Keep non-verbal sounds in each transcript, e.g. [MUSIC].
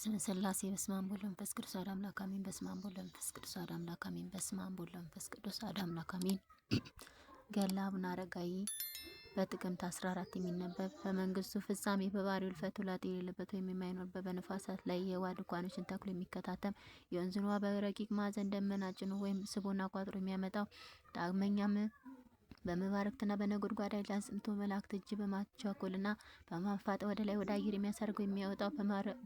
በስመ ስላሴ በስመ አብ ወወልድ ወመንፈስ ቅዱስ አሐዱ አምላክ አሜን። በስመ አብ ወወልድ ወመንፈስ ቅዱስ አሐዱ አምላክ አሜን። በስመ አብ ወወልድ ወመንፈስ ቅዱስ አሐዱ አምላክ አሜን። [CLEARS THROAT] ገድለ አቡነ አረጋዊ በጥቅምት 14 የሚነበብ በመንግስቱ ፍጻሜ በባህሪው ልፈቱ ላት የሌለበት ወይም የማይኖርበት በነፋሳት ላይ የውሃ ድንኳኖችን ተክሎ የሚከታተም የወንዙን ውሃ በረቂቅ ማዕዘን ደመና ጭኖ ወይም ስቦና ቋጥሮ የሚያመጣው ዳግመኛም በመባረክትና በነጎድጓዳ ላንስምቶ መላእክት እጅ በማቻኮልና በማፋጠ ወደ ላይ ወደ አየር የሚያሳርገው የሚያወጣው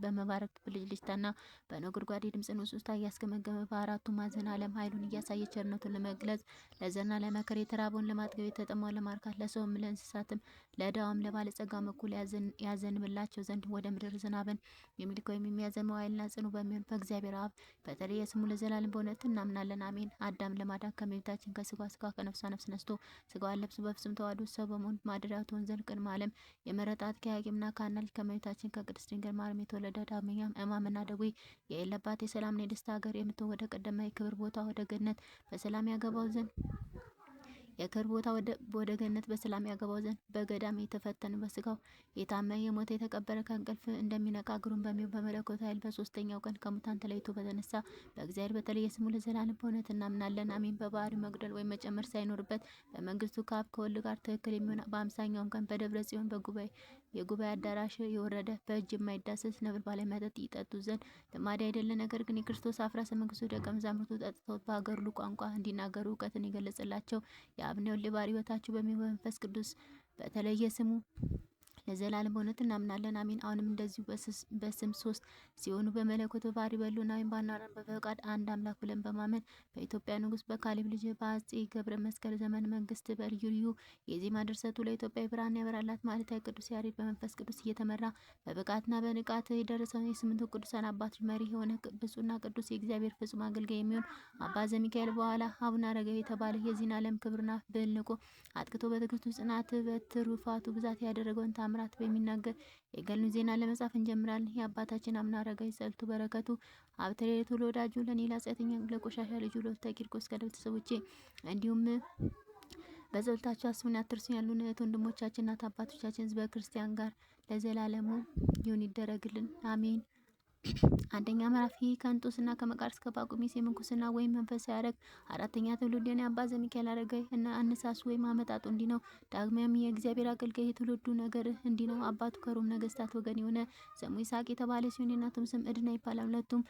በመባረክት ብልጭልጭታና በነጎድጓዴ ድምጽ ንጹህታ እያስገመገመ በአራቱ ማዕዘን ዓለም ኃይሉን እያሳየ ቸርነቱን ለመግለጽ ለዘና ለመከር የተራበውን ለማጥገብ የተጠማውን ለማርካት ለሰውም ለእንስሳትም ለዳዋም ለባለጸጋም እኩል ያዘንብላቸው ዘንድ ወደ ምድር ዝናብን የሚልክ የሚያዘመው የሚያዘንበው ኃይልና ጽኑ በሚሆን በእግዚአብሔር አብ በተለየ ስሙ ለዘላለም በእውነት እናምናለን። አሜን። አዳም ለማዳን ከእመቤታችን ከስጋ ስጋ ከነፍሷ ነፍስ ነስቶ ስጋዋን ለብሶ በፍጹም ተዋሕዶ ሰው በመሆን ማደሪያ ትሆን ዘንድ ቅድመ ዓለም የመረጣት ከያቄምና ካናል ከእመቤታችን ከቅድስት ድንግል ማርያም የተወለደ ዳግመኛም ሕማምና ደዌ የሌለባት የሰላምና የደስታ ሀገር የምትሆን ወደ ቀደመ የክብር ቦታ ወደ ገነት በሰላም ያገባው ዘንድ የክር ቦታ ወደ ገነት በሰላም ያገባው ዘንድ በገዳም የተፈተነ በስጋው የታመ የሞተ የተቀበረ ከእንቅልፍ እንደሚነቃ እግሩን በሚሆን በመለኮት ኃይል በሶስተኛው ቀን ከሙታን ተለይቶ በተነሳ በእግዚአብሔር በተለየ ስሙ ለዘላለም በእውነት እናምናለን። አሚን። በባህሪ መጉደል ወይም መጨመር ሳይኖርበት በመንግስቱ ከአብ ከወልድ ጋር ትክክል የሚሆን በአምሳኛውም ቀን በደብረ ጽዮን በጉባኤ የጉባኤ አዳራሽ የወረደ በእጅ የማይዳሰስ ነበልባል መጠጥ ይጠጡ ዘንድ ልማድ አይደለ። ነገር ግን የክርስቶስ አፍራ መንግስቱ ደቀ መዛሙርቱ ጠጥተው በአገሩ ቋንቋ እንዲናገሩ እውቀትን የገለጸላቸው የአብኔው ሊባር ህይወታቸው በሚሆን መንፈስ ቅዱስ በተለየ ስሙ ለዘላለም በእውነት እናምናለን። አሚን አሁንም እንደዚሁ በስም ሶስት ሲሆኑ በመለኮት በባህሪ ወይም ባናራን በፈቃድ አንድ አምላክ ብለን በማመን በኢትዮጵያ ንጉስ በካሌብ ልጅ በአጼ ገብረ መስቀል ዘመን መንግስት በልዩልዩ የዜማ ድርሰቱ ለኢትዮጵያ ብርሃን ያበራላት ማለታዊ ቅዱስ ያሬድ በመንፈስ ቅዱስ እየተመራ በብቃትና በንቃት የደረሰውን የስምንቱ ቅዱሳን አባት መሪ የሆነ ብፁዕና ቅዱስ የእግዚአብሔር ፍጹም አገልጋይ የሚሆን አባ ዘሚካኤል በኋላ አቡነ አረጋዊ የተባለ የዚህን ዓለም ክብርና ብልንቆ አጥቅቶ በትዕግስቱ ጽናት በትሩፋቱ ብዛት ያደረገውን ታ ታምራት በሚናገር የገልን ዜና ለመጻፍ እንጀምራለን። የአባታችን አምና አረጋዊ ጸልቱ በረከቱ አብትሬቱ ለወዳጁ ለኔላ ጸተኛ ለቆሻሻ ልጁ ለወፍታ ቂርቆስ ከቤተሰቦቼ እንዲሁም በጸሎታቸው አስቡን አትርሱን ያሉ እህት ወንድሞቻችን እናት አባቶቻችን ህዝበ ክርስቲያን ጋር ለዘላለሙ ይሁን ይደረግልን፣ አሜን። አንደኛ ምዕራፍ ይህ ከንጦስና ከመቃርስ ከጳቁሚስ የምንኩስና ወይም መንፈስ ሲያደረግ አራተኛ ትውልድን አባ ዘሚካኤል አረገ እና አነሳሱ ወይም አመጣጡ እንዲህ ነው። ዳግሚያም የእግዚአብሔር አገልጋይ የትውልዱ ነገር እንዲህ ነው። አባቱ ከሮም ነገስታት ወገን የሆነ ስሙ ይስሐቅ የተባለ ሲሆን የእናቱም ስም እድና ይባላል። ሁለቱም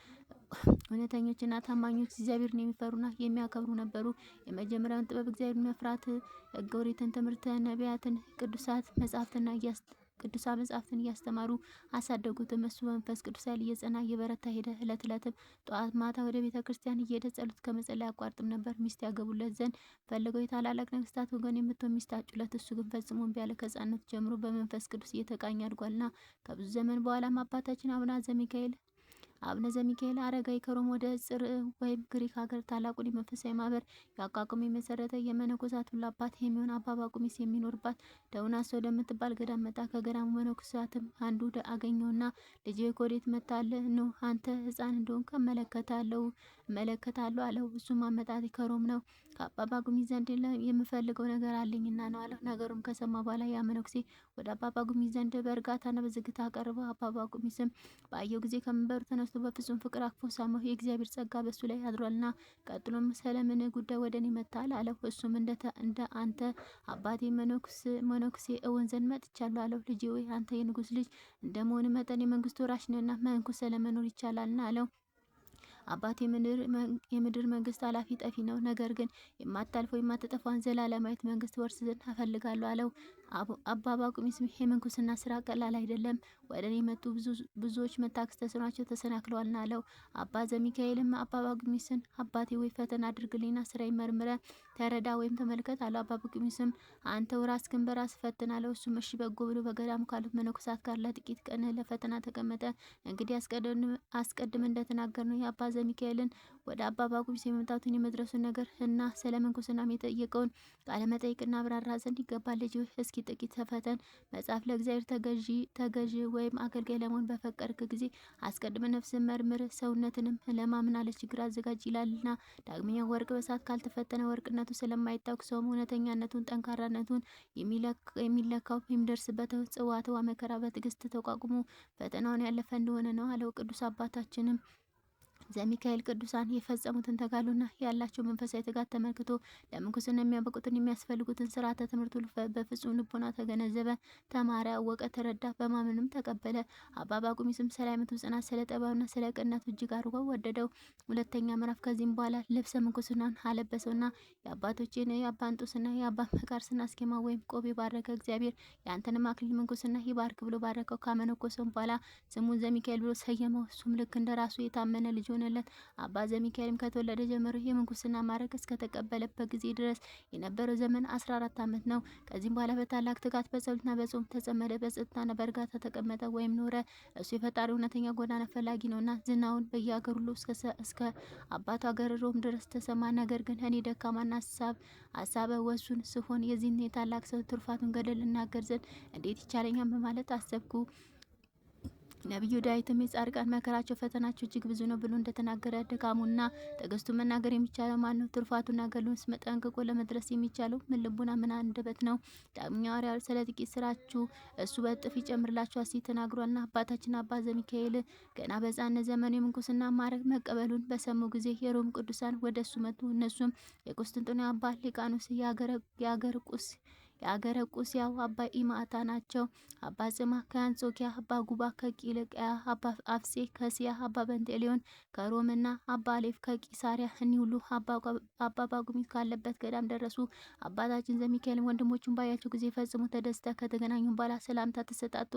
እውነተኞችና ታማኞች እግዚአብሔርን የሚፈሩና የሚያከብሩ ነበሩ። የመጀመሪያውን ጥበብ እግዚአብሔር መፍራት፣ ሕገ ኦሪትን፣ ትምህርተ ነቢያትን፣ ቅዱሳት መጻሕፍትና እያስ ቅዱሳ መጻሕፍትን እያስተማሩ አሳደጉትም። እሱ በመንፈስ ቅዱስ ኃይል እየጸና እየበረታ ሄደ። እለት እለትም ጠዋት ማታ ወደ ቤተ ክርስቲያን እየሄደ ጸሎት ከመጸለይ አቋርጥም ነበር። ሚስት ያገቡለት ዘንድ ፈልገው የታላላቅ ነገስታት ወገን የምትሆን ሚስት አጩለት። እሱ ግን ፈጽሞ እምቢ አለ። ከሕፃንነቱ ጀምሮ በመንፈስ ቅዱስ እየተቃኘ አድጓልና ከብዙ ዘመን በኋላም አባታችን አቡነ ዘሚካኤል አቡነ ዘሚካኤል አረጋዊ ከሮም ወደ ጽር ወይም ግሪክ ሀገር ታላቁን የመንፈሳዊ ማህበር የአቋቁሚ የመሰረተ የመነኮሳት ሁሉ አባት የሚሆን አባ ጳኩሚስ የሚኖርባት ደውናሶ ወደምትባል ገዳም መጣ። ከገዳሙ መነኮሳትም አንዱ አገኘውና ልጅ ኮዴት መታለ ነው አንተ ህፃን እንደሆን ከመለከታለው መለከታለሁ አለው። እሱም አመጣት ከሮም ነው ከአባ ጳኩሚስ ዘንድ የምፈልገው ነገር አለኝና ነው አለው። ነገሩም ከሰማ በኋላ ያ መነኩሴ ወደ አባ ጳኩሚስ ዘንድ በእርጋታና በዝግታ ቀርበ አባ ጳኩሚስም ባየው ጊዜ ከመንበሩ ተነ ተነስቶ በፍጹም ፍቅር አቅፎ ሳመው። የእግዚአብሔር ጸጋ በሱ ላይ አድሯልና። ቀጥሎም ስለምን ጉዳይ ወደ እኔ መጥተሃል አለው። እሱም እንደ አንተ አባቴ መነኩሴ እውን ዘንድ መጥቻለሁ አለው። ልጅ ወይ አንተ የንጉስ ልጅ እንደመሆን መጠን የመንግስት ወራሽ ነህና መንኩሰ ለመኖር ይቻላልና አለው። አባት የምድር መንግስት አላፊ ጠፊ ነው። ነገር ግን የማታልፈው የማትጠፋን ዘላለማዊት መንግስት ወርስ ዘንድ አፈልጋለሁ አለው። አባባ ቁሚስ የምንኩስና ስራ ቀላል አይደለም። ወደ እኔ መጡ ብዙዎች መታክስ ተስኗቸው ተሰናክለዋልና አለው። አባ ዘሚካኤልም አባባ ቁሚስን አባቴ ወይ ፈተና አድርግልኝና ስራ ይመርምረ ተረዳ ወይም ተመልከት አለው። አባባ ቁሚስም አንተው ራስህን በራስህ ፈትን አለው። እሱም እሺ በጎ ብሎ በገዳሙ ካሉት መነኮሳት ጋር ለጥቂት ቀን ለፈተና ተቀመጠ። እንግዲህ አስቀድም እንደተናገር ነው የአባ ዘሚካኤልን ወደ አባባ ቁሚስ የመምጣቱን የመድረሱን ነገር እና ስለ ምንኩስና የጠየቀውን ቃለ አብራራ ዘንድ ይገባል። ልጅ እስኪ ጥቂት ተፈተን። መጽሐፍ ለእግዚአብሔር ተገዢ ተገዢ ወይም አገልጋይ ለመሆን በፈቀድክ ጊዜ አስቀድመ ነፍስን መርምር፣ ሰውነትንም ለማምና ለችግር አዘጋጅ ይላልና። ዳግመኛ ወርቅ በሳት ካልተፈተነ ወርቅነቱ ስለማይታወቅ ሰውም እውነተኛነቱን ጠንካራነቱን የሚለካው የሚደርስበት ጽዋትዋ መከራ በትዕግስት ተቋቁሞ ፈተናውን ያለፈ እንደሆነ ነው አለው። ቅዱስ አባታችንም ዘሚካኤል ቅዱሳን የፈጸሙትን ተጋሉና ያላቸው መንፈሳዊ ትጋት ተመልክቶ ለምንኩስና የሚያበቁትን የሚያስፈልጉትን ስርዓተ ትምህርቱ በፍጹም ልቦና ተገነዘበ፣ ተማረ፣ አወቀ፣ ተረዳ፣ በማመንም ተቀበለ። አባ ባቁሚስም ስለ አይነቱ ጽናት፣ ስለ ጠባዩና ስለ ቅናቱ እጅግ አድርጎ ወደደው። ሁለተኛ ምዕራፍ። ከዚህም በኋላ ልብሰ ምንኩስናን አለበሰውና የአባቶችን የአባ እንጦስና የአባ መቃርስና አስኬማ ወይም ቆብ የባረከ እግዚአብሔር የአንተንም አክሊል ምንኩስና ይባርክ ብሎ ባረከው። ካመነኮሰውም በኋላ ስሙን ዘሚካኤል ብሎ ሰየመው። እሱም ልክ እንደ ራሱ የታመነ ልጅ ይሆንለት። አባ ዘሚካኤልም ከተወለደ ጀምሮ የምንኩስና ማዕረግ እስከተቀበለበት ጊዜ ድረስ የነበረው ዘመን 14 ዓመት ነው። ከዚህም በኋላ በታላቅ ትጋት በጸሎትና በጾም ተጸመደ፣ በጸጥታና በእርጋታ ተቀመጠ ወይም ኖረ። እሱ የፈጣሪ እውነተኛ ጎዳና ፈላጊ ነውና ዝናውን በየሀገሩ ሁሉ እስከ አባቱ አገር ሮም ድረስ ተሰማ። ነገር ግን እኔ ደካማና ሀሳብ ሀሳበ ወሱን ስሆን የዚህን የታላቅ ሰው ትሩፋቱን ገድል እናገር ዘንድ እንዴት ይቻለኛል በማለት አሰብኩ። ነቢዩ ዳዊትም የጻድቃን መከራቸው ፈተናቸው እጅግ ብዙ ነው ብሎ እንደተናገረ ድካሙና ትዕግስቱ መናገር የሚቻለው ማን ነው? ትርፋቱና ገሉን መጠንቅቆ ለመድረስ የሚቻለው ምን ልቡና ምን አንደበት ነው? ዳግመኛ ሐዋርያው ስለ ጥቂት ስራችሁ እሱ በጥፍ ይጨምርላችኋል ሲል ተናግሯልና አባታችን አባ ዘሚካኤል ገና በሕፃንነት ዘመኑ የምንኩስና ማዕረግ መቀበሉን በሰሙ ጊዜ የሮም ቅዱሳን ወደ እሱ መጡ። እነሱም የቁስጥንጥንያ አባ ሊቃኖስ የአገረ ቁስ የአገረ ቁስያው አባ ኢማታ ናቸው። አባ ጽማ ከአንጾኪያ፣ አባ ጉባ ከቂልቅያ፣ አባ አፍሴ ከሲያ፣ አባ በንቴሊዮን ከሮምና አባ አሌፍ ከቂሳሪያ እኒ ሁሉ አባ ባጉሚ ካለበት ገዳም ደረሱ። አባታችን ዘሚካኤል ወንድሞቹን ባያቸው ጊዜ ፈጽሞ ተደስተ ከተገናኙ በኋላ ሰላምታ ተሰጣጡ።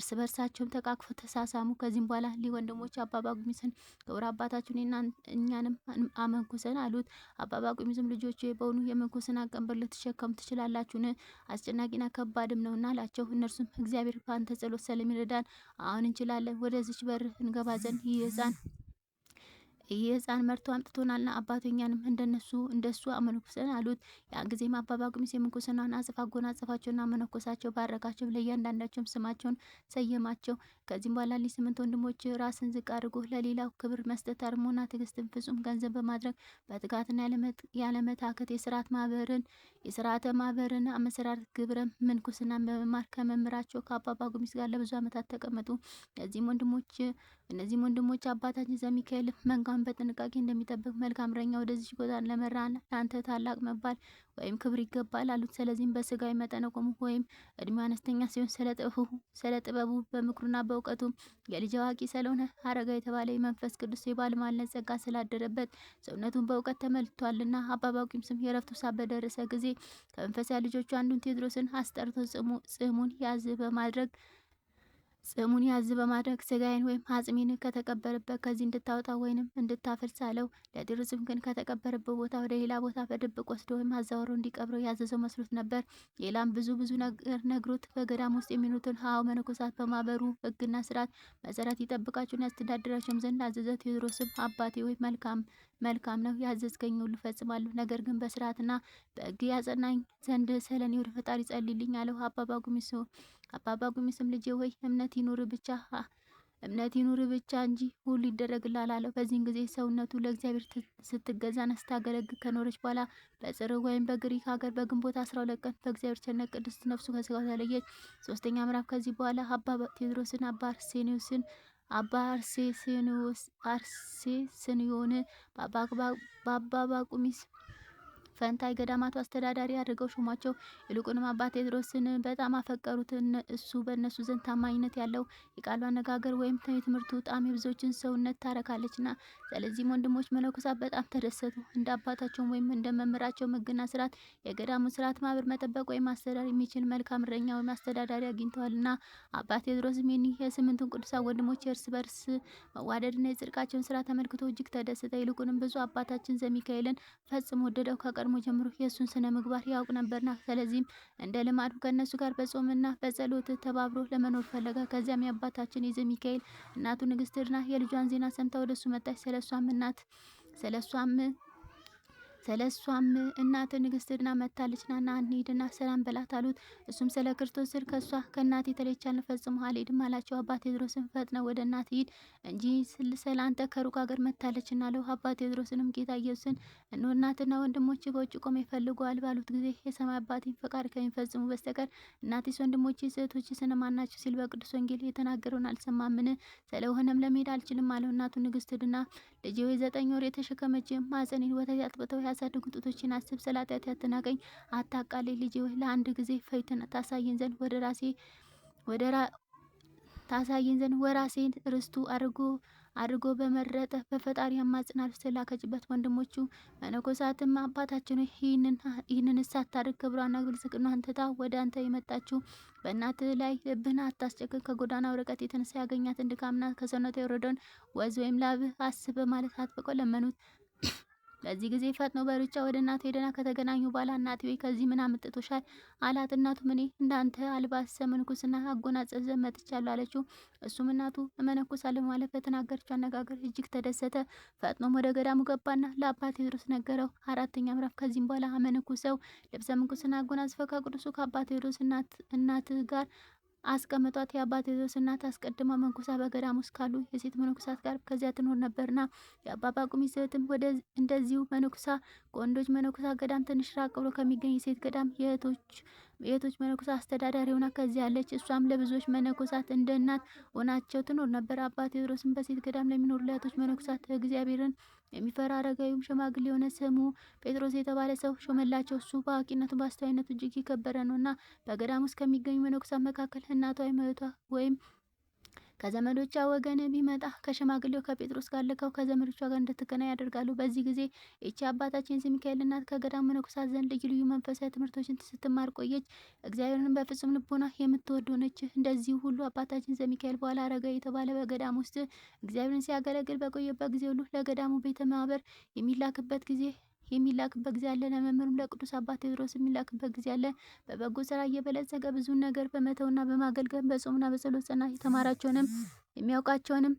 እርስ በርሳቸውም ተቃቅፎ ተሳሳሙ። ከዚህም በኋላ ሊ ወንድሞች አባ ባጉሚስን ክቡር አባታችን እኛንም አመንኩሰን አሉት። አባ ባጉሚስም ልጆች በሆኑ የመንኩስን አቀንበር ልትሸከሙ ትችላላችሁን? አስጨናቂና ከባድም ነውና አላቸው። እነርሱም እግዚአብሔር በአንተ ጸሎት ስለሚረዳን አሁን እንችላለን፣ ወደዚች በር እንገባ ዘንድ ይህ ሕፃን ይህ ህፃን መርቶ አምጥቶናልና አባቶኛንም እንደነሱ እንደሱ አመነኩሰን አሉት። ያ ጊዜም አባ ጳኩሚስ የምንኩስናን አጽፋ አጎናጸፋቸውና መነኮሳቸው፣ ባረካቸው፣ ለእያንዳንዳቸውም ስማቸውን ሰየማቸው። ከዚህም በኋላ ሊ ስምንት ወንድሞች ራስን ዝቅ አድርጎ ለሌላው ክብር መስጠት አርሞና ትዕግስትን ፍጹም ገንዘብ በማድረግ በትጋትና ያለመታከት የስርዓት ማህበርን የስርዓተ ማህበርን አመሰራረት ግብረ ምንኩስና በመማር ከመምህራቸው ከአባባ ጉሚስ ጋር ለብዙ አመታት ተቀመጡ። እነዚህም ወንድሞች እነዚህም ወንድሞች አባታችን ዘሚካኤል መንጋ ሥራውን በጥንቃቄ እንደሚጠብቅ መልካም እረኛ ወደዚህ ቦታ ለመራ ለአንተ ታላቅ መባል ወይም ክብር ይገባል አሉት። ስለዚህም በስጋዊ መጠነ ቆሙ ወይም እድሜ አነስተኛ ሲሆን ስለ ጥበቡ በምክሩና በእውቀቱ የልጅ አዋቂ ስለሆነ አረጋ የተባለ የመንፈስ ቅዱስ የባለሟልነት ጸጋ ስላደረበት ሰውነቱን በእውቀት ተመልቷልና አባባቂም ስም የረፍቱ ሳ በደረሰ ጊዜ ከመንፈሳዊ ልጆቹ አንዱን ቴዎድሮስን አስጠርቶ ጽሙን ያዝ በማድረግ ጽሙን ያዝ በማድረግ ስጋዬን ወይም አጽሜን ከተቀበረበት ከዚህ እንድታወጣ ወይንም እንድታፈርስ አለው። ለድርጽም ግን ከተቀበረበት ቦታ ወደ ሌላ ቦታ በድብቅ ወስዶ ወይም አዛውሮ እንዲቀብረው ያዘዘው መስሎት ነበር። ሌላም ብዙ ብዙ ነገር ነግሮት በገዳም ውስጥ የሚኖሩትን ሀው መነኮሳት በማህበሩ ሕግና ስርዓት መሰረት ይጠብቃቸውን ያስተዳድራቸውም ዘንድ አዘዘ። ቴዎድሮስም አባቴ ወይ መልካም መልካም ነው፣ ያዘዝከኝ ሁሉ ነገር ግን በስርዓትና በሕግ ያጸናኝ ዘንድ ስለኔ ወደ ፈጣሪ ጸልልኝ አለው። አባባ ጉሚሶ አባባ ጉሚስም ልጄ ሆይ እምነት ይኑር ብቻ እምነት ይኑር ብቻ እንጂ ሁሉ ይደረግላል አለው። በዚህን ጊዜ ሰውነቱ ለእግዚአብሔር ስትገዛ ስታገለግል ከኖረች በኋላ በጽር ወይም በግሪክ ሀገር በግንቦት አስራ ሁለት ቀን በእግዚአብሔር ቸርነት ቅድስት ነፍሱ ከስጋው ተለየች። ሶስተኛ ምዕራፍ ከዚህ በኋላ አባ ቴዎድሮስን አባ አርሴኒዮስን አባ አርሴስንዮስ አርሴስንዮን በአባ ባቁሚስ ፈንታ ገዳማቱ አስተዳዳሪ አድርገው ሹማቸው። ይልቁንም አባ ቴዎድሮስን በጣም አፈቀሩት። እሱ በእነሱ ዘንድ ታማኝነት ያለው የቃሉ አነጋገር ወይም የትምህርቱ ጣዕም የብዙዎችን ሰውነት ታረካለችና፣ ስለዚህም ወንድሞች መነኮሳት በጣም ተደሰቱ። እንደ አባታቸውም ወይም እንደ መምህራቸው ሕግና ስርዓት የገዳሙ ስርዓት ማብር መጠበቅ ወይም ማስተዳደር የሚችል መልካም እረኛ ወይም አስተዳዳሪ አግኝተዋልና አባ ቴዎድሮስም ይህ የስምንቱን ቅዱሳን ወንድሞች የእርስ በርስ መዋደድና የጽድቃቸውን ስራ ተመልክቶ እጅግ ተደሰተ። ይልቁንም ብዙ አባታችን ዘሚካኤልን ፈጽሞ ወደደው። ከቀ ከቀድሞ ጀምሮ የእሱን ስነ ምግባር ያውቅ ነበርና ስለዚህም እንደ ልማዱ ከእነሱ ጋር በጾምና በጸሎት ተባብሮ ለመኖር ፈለገ። ከዚያም የአባታችን ይዘ ሚካኤል እናቱ ንግስት ድና የልጇን ዜና ሰምታ ወደ እሱ መጣች። ስለሷም እናት ስለሷም ስለሷም እሷም እናት ንግስት ድና መታለች፣ ናና እንሂድና ሰላም በላት አሉት። እሱም ስለ ክርስቶስ ስር ከእሷ ከእናት የተለየች ፈጽሞ አልሄድም አላቸው። አባ ቴዎድሮስን ፈጥነ ወደ እናት ሂድ እንጂ ስለ አንተ ከሩቅ ሀገር መታለችና እናለው። አባ ቴዎድሮስንም ጌታ ኢየሱስን እናትና ወንድሞች በውጭ ቆም ይፈልጓል ባሉት ጊዜ የሰማይ አባቴን ፈቃድ ከሚፈጽሙ በስተቀር እናቴስ፣ ወንድሞች፣ እህቶች ስለማናቸው ሲል በቅዱስ ወንጌል የተናገረውን አልሰማምን ስለሆነም ለመሄድ አልችልም አለው። እናቱ ንግስት ድና ልጅ ወይ ዘጠኝ ወር የተሸከመች ማህፀኔን ወተት አጥብተው ያሳደጉ ጡቶችን አስብ፣ ስለ ያትናቀኝ ልጅ ለአንድ ጊዜ ፈይትን ታሳየን ዘንድ ወደ ራሴ ወደ ታሳየን ዘንድ ወራሴን ርስቱ አድርጎ አድርጎ በመረጠ በፈጣሪ አማጽናል ስላከችበት ወንድሞቹ መነኮሳትም አባታችን ይህንን ሳታደርግ ክብሯና ብልጽግናዋን ትታ ወደ አንተ የመጣችው በእናት ላይ ልብህን አታስጨቅቅ፣ ከጎዳና ርቀት የተነሳ ያገኛትን ድካምና ከሰውነቷ የወረደውን ወዝ ወይም ላብህ አስብ በማለት አጥብቆ ለመኑት። በዚህ ጊዜ ፈጥኖ በሩጫ ወደ እናቱ ሄደና ከተገናኙ በኋላ እናቴ ወይ ከዚህ ምን አምጥቶሻል አላት። እናቱም እኔ እንዳንተ አልባሰ ምንኩስና አጎናጸፍ መጥቻለሁ አለችው። እሱም እናቱ እመነኩሳለሁ ማለት በተናገረችው አነጋገር እጅግ ተደሰተ። ፈጥኖም ወደ ገዳሙ ገባና ለአባት ቴዎድሮስ ነገረው። አራተኛ ምዕራፍ ከዚህም በኋላ አመነኩሰው ልብሰ ምንኩስና አጎናጽፈ ከቅዱሱ ከአባ ቴዎድሮስ እናት ጋር አስቀምጧት። የአባት ቴዎድሮስ እናት አስቀድማ መንኩሳ በገዳም ውስጥ ካሉ የሴት መነኩሳት ጋር ከዚያ ትኖር ነበርና የአባ ጳቁሚ እህትም ወደ እንደዚሁ መነኩሳ ከወንዶች መነኩሳ ገዳም ትንሽ ራቅ ብሎ ከሚገኝ የሴት ገዳም የእህቶች የቶች መነኮሳት አስተዳዳሪ ሆና ከዚህ ያለች። እሷም ለብዙዎች መነኮሳት እንደ እናት ሆናቸው ትኖር ነበር። አባ ቴዎድሮስን በሴት ገዳም ለሚኖሩ ለእህቶች መነኮሳት እግዚአብሔርን የሚፈራ አረጋዊም ሽማግሌ የሆነ ስሙ ጴጥሮስ የተባለ ሰው ሾመላቸው። እሱ በአዋቂነቱ በአስተዋይነቱ እጅግ የከበረ ነው እና በገዳም ውስጥ ከሚገኙ መነኮሳት መካከል እናቷ አይመቷ ወይም ከዘመዶቿ ወገን ቢመጣ ከሽማግሌው ከጴጥሮስ ጋር ልከው ከዘመዶቿ ጋር እንድትገናኝ ያደርጋሉ። በዚህ ጊዜ እቺ አባታችን ሚካኤል እናት ከገዳም መነኮሳት ዘንድ ልዩ ልዩ መንፈሳዊ ትምህርቶችን ስትማር ቆየች። እግዚአብሔርን በፍጹም ልቦና የምትወድ ሆነች። እንደዚህ ሁሉ አባታችን ዘሚካኤል በኋላ አረጋ የተባለ በገዳም ውስጥ እግዚአብሔርን ሲያገለግል በቆየበት ጊዜ ሁሉ ለገዳሙ ቤተ ማህበር የሚላክበት ጊዜ የሚላክበት ጊዜ አለ። ለመምህሩም ለቅዱስ አባት ቴዎድሮስ የሚላክበት ጊዜ አለ። በበጎ ስራ እየበለጸገ ብዙ ነገር በመተውና በማገልገል በጾምና በጸሎት ጽና የተማራቸውንም የሚያውቃቸውንም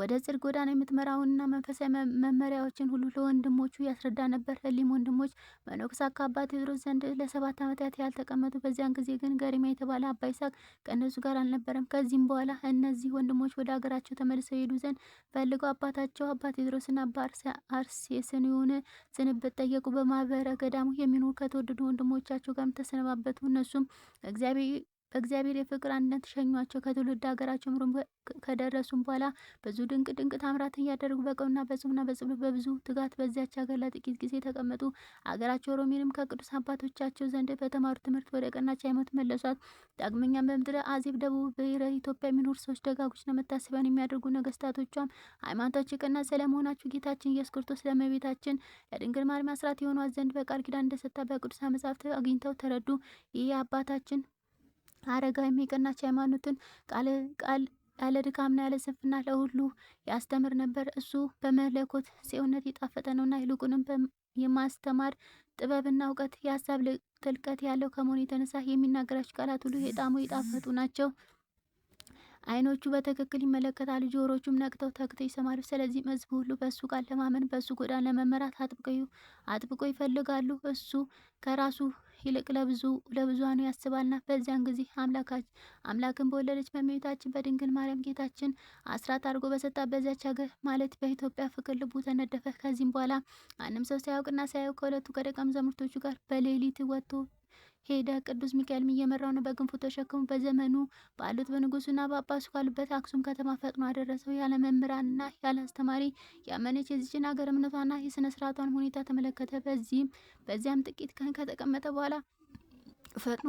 ወደ ጽድቅ ጎዳና የምትመራውንና መንፈሳዊ መመሪያዎችን ሁሉ ለወንድሞቹ ያስረዳ ነበር። ህሊም ወንድሞች መነኮሳት ከአባ ቴዎድሮስ ዘንድ ለሰባት ዓመታት ያህል ተቀመጡ። በዚያን ጊዜ ግን ገሪማ የተባለ አባ ይስሐቅ ከእነሱ ጋር አልነበረም። ከዚህም በኋላ እነዚህ ወንድሞች ወደ አገራቸው ተመልሰው ሄዱ ዘንድ ፈልገው አባታቸው አባ ቴዎድሮስና አባ የሆነ ስንብት ጠየቁ። በማህበረ ገዳሙ የሚኖሩ ከተወደዱ ወንድሞቻቸው ጋርም ተሰነባበቱ። እነሱም እግዚአብሔር በእግዚአብሔር የፍቅር አንድነት ሸኟቸው። ከትውልድ ሀገራቸው ምሩም ከደረሱም በኋላ ብዙ ድንቅ ድንቅ ታምራት እያደረጉ በቀውና በጾምና በጸሎት በብዙ ትጋት በዚያች ሀገር ለጥቂት ጊዜ ተቀመጡ። አገራቸው ሮሜንም ከቅዱስ አባቶቻቸው ዘንድ በተማሩ ትምህርት ወደ ቀናች ሃይማኖት መለሷት። ዳግመኛም በምድረ አዜብ ደቡብ ብሔረ ኢትዮጵያ የሚኖሩ ሰዎች ነው። መታሰቢያን የሚያደርጉ ነገስታቶቿም ሃይማኖታቸው ቀና ስለመሆናቸው ጌታችን ኢየሱስ ክርስቶስ ለመቤታችን ለድንግል ማርያም አስራት የሆኗት ዘንድ በቃል ኪዳን እንደሰጣ በቅዱሳን መጻሕፍት አግኝተው ተረዱ። ይህ አባታችን አረጋ የሚቀናች ሃይማኖትን ቃል ቃል ያለ ድካምና ያለ ስንፍና ለሁሉ ያስተምር ነበር። እሱ በመለኮት ሴውነት የጣፈጠ ነውና ይልቁንም የማስተማር ጥበብና እውቀት የሀሳብ ጥልቀት ያለው ከመሆኑ የተነሳ የሚናገራቸው ቃላት ሁሉ የጣሙ የጣፈጡ ናቸው። አይኖቹ በትክክል ይመለከታሉ፣ ጆሮቹም ነቅተው ተክተው ይሰማሉ። ስለዚህ ሕዝቡ ሁሉ በእሱ ቃል ለማመን በእሱ ጎዳና ለመመራት አጥብቀው አጥብቆ ይፈልጋሉ። እሱ ከራሱ ይልቅ ለብዙ ለብዙሃኑ ያስባልና በዚያን ጊዜ አምላካች አምላክን በወለደች በእመቤታችን በድንግል ማርያም ጌታችን አስራት አድርጎ በሰጣ በዚያች ሀገር ማለት በኢትዮጵያ ፍቅር ልቡ ተነደፈ። ከዚህም በኋላ አንም ሰው ሳያውቅና ሳያውቅ ከሁለቱ ከደቀ መዛሙርቶቹ ጋር በሌሊት ወጥቶ ሄደ። ቅዱስ ሚካኤልም ነው። በክንፉ ተሸክሞ በዘመኑ ባሉት በንጉሱና በአባሱ ካሉበት አክሱም ከተማ ፈጥኖ አደረሰው። ያለ መምህራንና ያለ አስተማሪ ያመነች የዚችን ሀገር እምነቷና የስነ ስርዓቷን ሁኔታ ተመለከተ። በዚህም በዚያም ጥቂት ቀን ከተቀመጠ በኋላ ፈጥኖ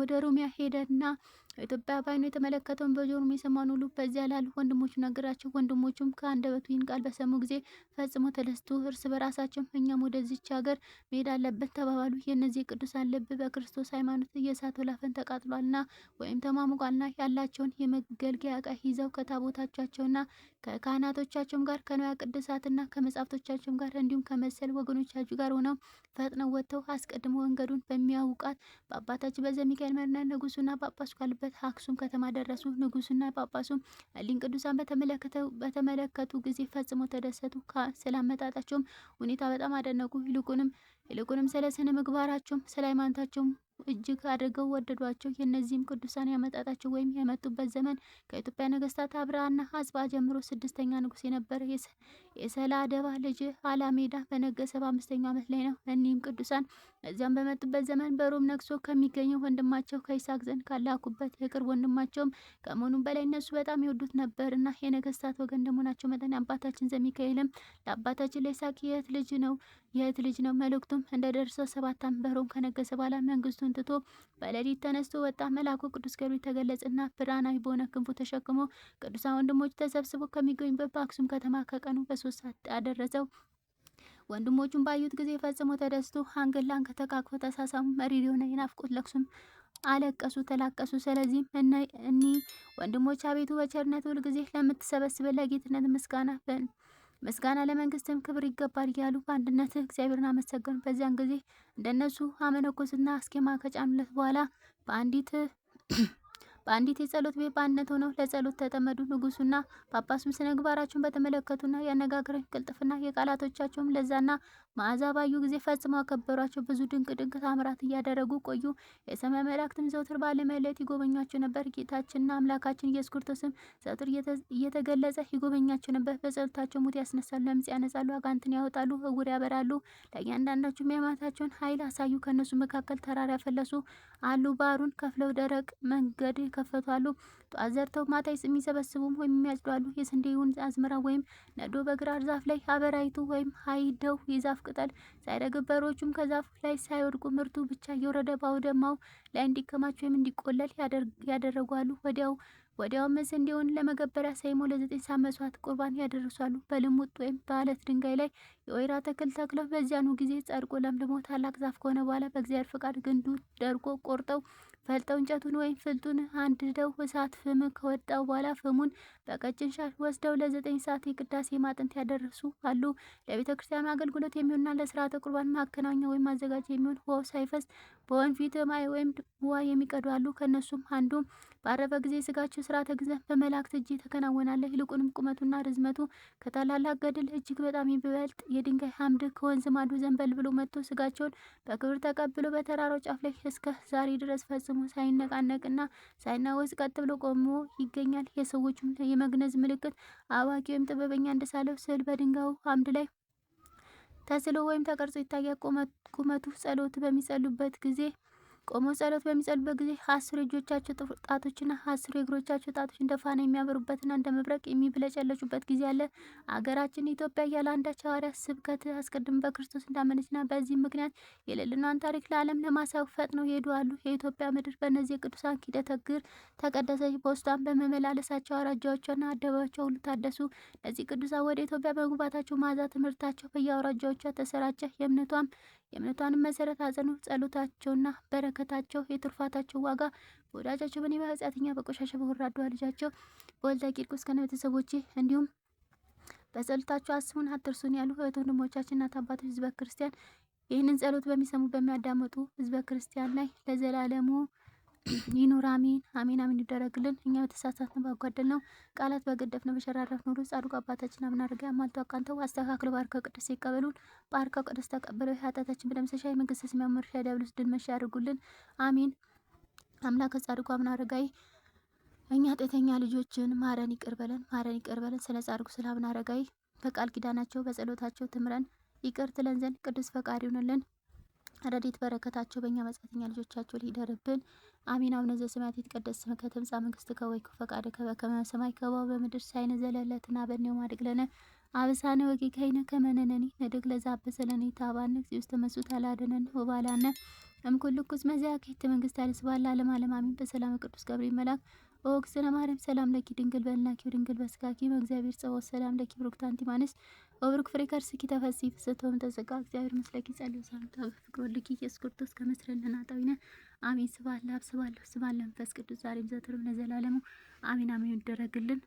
ወደ ሮሚያ ሄደና ኢትዮጵያ ባይኑ የተመለከተውን በጆሮም የሰማውን ሁሉ በዚያ ላሉ ወንድሞቹ ነገራቸው። ወንድሞቹም ከአንደበቱ ይህን ቃል በሰሙ ጊዜ ፈጽሞ ተደስቶ እርስ በራሳቸው እኛም ወደዚች ሀገር መሄድ አለበት ተባባሉ። የእነዚህ ቅዱሳን ልብ በክርስቶስ ሃይማኖት እየሳት ወላፈን ተቃጥሏልና ወይም ተማሙቋልና ያላቸውን የመገልገያ ዕቃ ይዘው ከታቦታቻቸውና ከካህናቶቻቸውም ጋር ከንዋያ ቅድሳትና ከመጻሕፍቶቻቸውም ጋር እንዲሁም ከመሰል ወገኖቻቸው ጋር ሆነው ፈጥነው ወጥተው አስቀድሞ መንገዱን በሚያውቃት በአባታችን በዘሚካኤል መርና ንጉሱና ጳጳሱ ወዳለበት አክሱም ከተማ ደረሱ። ንጉሱና ጳጳሱም እሊን ቅዱሳን በተመለከቱ ጊዜ ፈጽሞ ተደሰቱ። ስላመጣጣቸውም ሁኔታ በጣም አደነቁ። ይልቁንም ይልቁንም ስለ ስነ ምግባራቸውም ስለ ሃይማኖታቸውም እጅግ አድርገው ወደዷቸው። የእነዚህም ቅዱሳን ያመጣጣቸው ወይም የመጡበት ዘመን ከኢትዮጵያ ነገስታት አብርሃና አጽባ ጀምሮ ስድስተኛ ንጉስ የነበረ የሰላ አደባ ልጅ አላሜዳ በነገሰ በአምስተኛው ዓመት ላይ ነው። እኒህም ቅዱሳን እዚያም በመጡበት ዘመን በሮም ነግሶ ከሚገኘው ወንድማቸው ከይስሐቅ ዘንድ ካላኩበት የቅርብ ወንድማቸውም ከመሆኑም በላይ እነሱ በጣም ይወዱት ነበር እና የነገስታት ወገን እንደመሆናቸው መጠን አባታችን ዘሚካኤልም ለአባታችን ለይስሐቅ የእህት ልጅ ነው የእህት ልጅ ነው። መልእክቱም እንደ ደርሰ ሰባት ዓመት በሮም ከነገሰ በኋላ መንግስቱን ትቶ በሌሊት ተነስቶ ወጣ። መልአኩ ቅዱስ ገብርኤል ተገለጸና ብርሃናዊ በሆነ ክንፉ ተሸክሞ ቅዱሳን ወንድሞች ተሰብስቦ ከሚገኙበት በአክሱም ከተማ ከቀኑ በሶስት ሰዓት አደረሰው። ወንድሞቹን ባዩት ጊዜ ፈጽሞ ተደስቶ አንገት ለአንገት ተሳሳሙ። መሪር የሆነ የናፍቆት ለቅሱም አለቀሱ፣ ተላቀሱ። ስለዚህ እኒ ወንድሞች አቤቱ በቸርነት ሁልጊዜ ጊዜ ለጌትነት ምስጋና ምስጋና ለመንግስትም ክብር ይገባል እያሉ በአንድነትህ እግዚአብሔርን አመሰገኑ። በዚያን ጊዜ እንደነሱ አመነኮስና አስኬማ ከጫኑለት በኋላ በአንዲት በአንዲት የጸሎት ቤት በአንድነት ሆነው ለጸሎት ተጠመዱ። ንጉሱና ጳጳሱም ስነ ምግባራቸውን በተመለከቱና የአነጋገር ቅልጥፍና የቃላቶቻቸውም ለዛና መዓዛ ባዩ ጊዜ ፈጽመው አከበሯቸው። ብዙ ድንቅ ድንቅ ታምራት እያደረጉ ቆዩ። የሰማይ መላእክትም ዘውትር ባለመለት ይጎበኛቸው ይጎበኟቸው ነበር። ጌታችንና አምላካችን ኢየሱስ ክርስቶስም ዘውትር እየተገለጸ ይጎበኛቸው ነበር። በጸሎታቸው ሙት ያስነሳሉ፣ ለምጽ ያነጻሉ፣ አጋንትን ያወጣሉ፣ እውር ያበራሉ። ለእያንዳንዳቸው የማታቸውን ኃይል አሳዩ። ከእነሱ መካከል ተራራ ያፈለሱ አሉ፣ ባሩን ከፍለው ደረቅ መንገድ ከፈቷሉ። አዘርተው ማታ የሚሰበስቡም ወይም የሚያጭዳሉ። የስንዴውን አዝመራ ወይም ነዶ በግራር ዛፍ ላይ አበራይቱ ወይም ሀይደው የዛፍ ቅጠል ሳይረግብ በሮቹም ከዛፍ ላይ ሳይወድቁ ምርቱ ብቻ እየወረደ በአውደማው ላይ እንዲከማች ወይም እንዲቆለል ያደረጓሉ። ወዲያው ወዲያውም ስንዴውን ለመገበሪያ ሰይሞ ለዘጠኝ ሰዓት መስዋዕት ቁርባን ያደርሳሉ። በልሙጥ ወይም በአለት ድንጋይ ላይ የወይራ ተክል ተክለው በዚያኑ ጊዜ ጸድቆ ለምልሞ ታላቅ ዛፍ ከሆነ በኋላ በእግዚአብሔር ፍቃድ ግንዱ ደርቆ ቆርጠው ፈልጠው እንጨቱን ወይም ፍልጡን አንድደው እሳት ፍም ከወጣው በኋላ ፍሙን በቀጭን ሻሽ ወስደው ለዘጠኝ ሰዓት የቅዳሴ ማጥንት ያደረሱ አሉ። ለቤተ ክርስቲያኑ አገልግሎት የሚሆንና ለስርዓተ ቁርባን ማከናወኛ ወይም ማዘጋጃ የሚሆን ሆ ሳይፈስ በወንፊት ማይ ወይም ዋ የሚቀዱ አሉ። ከእነሱም አንዱ ባረፈ ጊዜ ስጋችሁ ስርዓተ ግዘፍ በመላእክት እጅ ተከናወናለ። ይልቁንም ቁመቱና ርዝመቱ ከታላላቅ ገድል እጅግ በጣም የሚበልጥ የድንጋይ አምድ ከወንዝ ማዶ ዘንበል ብሎ መጥቶ ስጋቸውን በክብር ተቀብሎ በተራራው ጫፍ ላይ እስከ ዛሬ ድረስ ፈጽሞ ሳይነቃነቅና ሳይናወዝ ቀጥ ብሎ ቆሞ ይገኛል። የሰዎቹም የመግነዝ ምልክት አዋቂ ወይም ጥበበኛ እንደሳለው ስዕል በድንጋዩ አምድ ላይ ተስሎ ወይም ተቀርጾ ይታያል። ቁመቱ ጸሎት በሚጸሉበት ጊዜ ቆመው ጸሎት በሚጸልበት ጊዜ አስሩ የእጆቻቸው ጣቶችና አስሩ የእግሮቻቸው ጣቶች እንደ ፋና የሚያበሩበትና እንደ መብረቅ የሚብለጨለጩበት ጊዜ አለ። አገራችን ኢትዮጵያ ያለ አንዳች ሐዋርያ ስብከት አስቀድም በክርስቶስ እንዳመነችና በዚህ ምክንያት የሌልናን ታሪክ ለዓለም ለማሳወቅ ፈጥነው ሄዱ አሉ። የኢትዮጵያ ምድር በእነዚህ የቅዱሳን ኪደተ እግር ተቀደሰች። በውስጧን በመመላለሳቸው አውራጃዎቿና አደባባያቸው ሁሉ ታደሱ። እነዚህ ቅዱሳን ወደ ኢትዮጵያ በመግባታቸው መዓዛ ትምህርታቸው በየአውራጃዎቿ ተሰራጨ። የእምነቷም የእምነቷንም መሰረት ሐዘኑ፣ ጸሎታቸውና በረከታቸው የትርፋታቸው ዋጋ በወዳጃቸው በኔ በኃጢአተኛ በቆሻሻ በወራዱ ልጃቸው በወልደ ቂርቆስ ከነ ቤተሰቦች እንዲሁም በጸሎታቸው አስቡን አትርሱን ያሉ እህት ወንድሞቻችንና አባቶች ህዝበ ክርስቲያን ይህንን ጸሎት በሚሰሙ በሚያዳመጡ ህዝበ ክርስቲያን ላይ ለዘላለሙ ይኑር። አሜን አሜን አሜን ይደረግልን። እኛ በተሳሳትን ባጓደል ነው ቃላት በገደፍ ነው በሸራረፍ ነው ኑሩ። አድርጎ አባታችን አቡነ አረጋዊ አማልቶ አቃንተው አስተካክሎ ባርከ ቅዱስ ይቀበሉን። ባርከ ቅዱስ ተቀበለው ኃጢአታችን በደምሰሻ የመንግስት ስሚያመርሻ ዲያብሎስ ድል መሻ ያድርጉልን። አሜን አምላከ ጻድቁ አቡነ አረጋዊ እኛ ጤተኛ ልጆችን ማረን ይቅር በለን ማረን ይቅር በለን። ስለ ጻድቁ ስለ አቡነ አረጋዊ በቃል ኪዳናቸው በጸሎታቸው ትምረን ይቅር ትለን ዘንድ ቅዱስ ፈቃድ ይሁንልን። ረድኤት በረከታቸው በእኛ መጻተኛ ልጆቻቸው ላይ ይደርብን። አሜን። አቡነ ዘሰማያት ይትቀደስ ስምከ ትምጻእ መንግሥትከ ወይኩን ፈቃድከ በከመ በሰማይ ከማሁ በምድር ሳይነ ዘለለዕለትነ ሀበነ ዮም ማድግ ለነ አበሳነ ወጌጋየነ ከመ ንሕነኒ ንድግ ለዘአበሰ ለነ ኢታብአነ እግዚእ ውስተ መሥውት አልሃደነነ ወባልሐነ እምኩሉ ኩሉ መዚያ ከይእቲ መንግሥተ ኃይለ ለዓለመ ዓለም አሚን። በሰላም ቅዱስ ገብርኤል መልአክ ኦ ማርያም ሰላም ለኪ ድንግል በልናኪ ድንግል በስጋኪ እግዚአብሔር ጸወት ሰላም ለኪ ብሩክታንቲ እማንስት ወብሩክ ፍሬከር ስኪ ተፈሲ ፍስቶም ተዘጋ እግዚአብሔር መስለኪ ጸልዩ ሰምታ በፍቅር ልኪ ኢየሱስ ክርስቶስ ከመስረልና ጣዊነ አሜን። ስብሐት ለአብ ስብሐት ለወልድ ስብሐት ቅዱስ ዛሬም ዘወትርም ለዘላለሙ አሜን አሜን። ይደረግልን።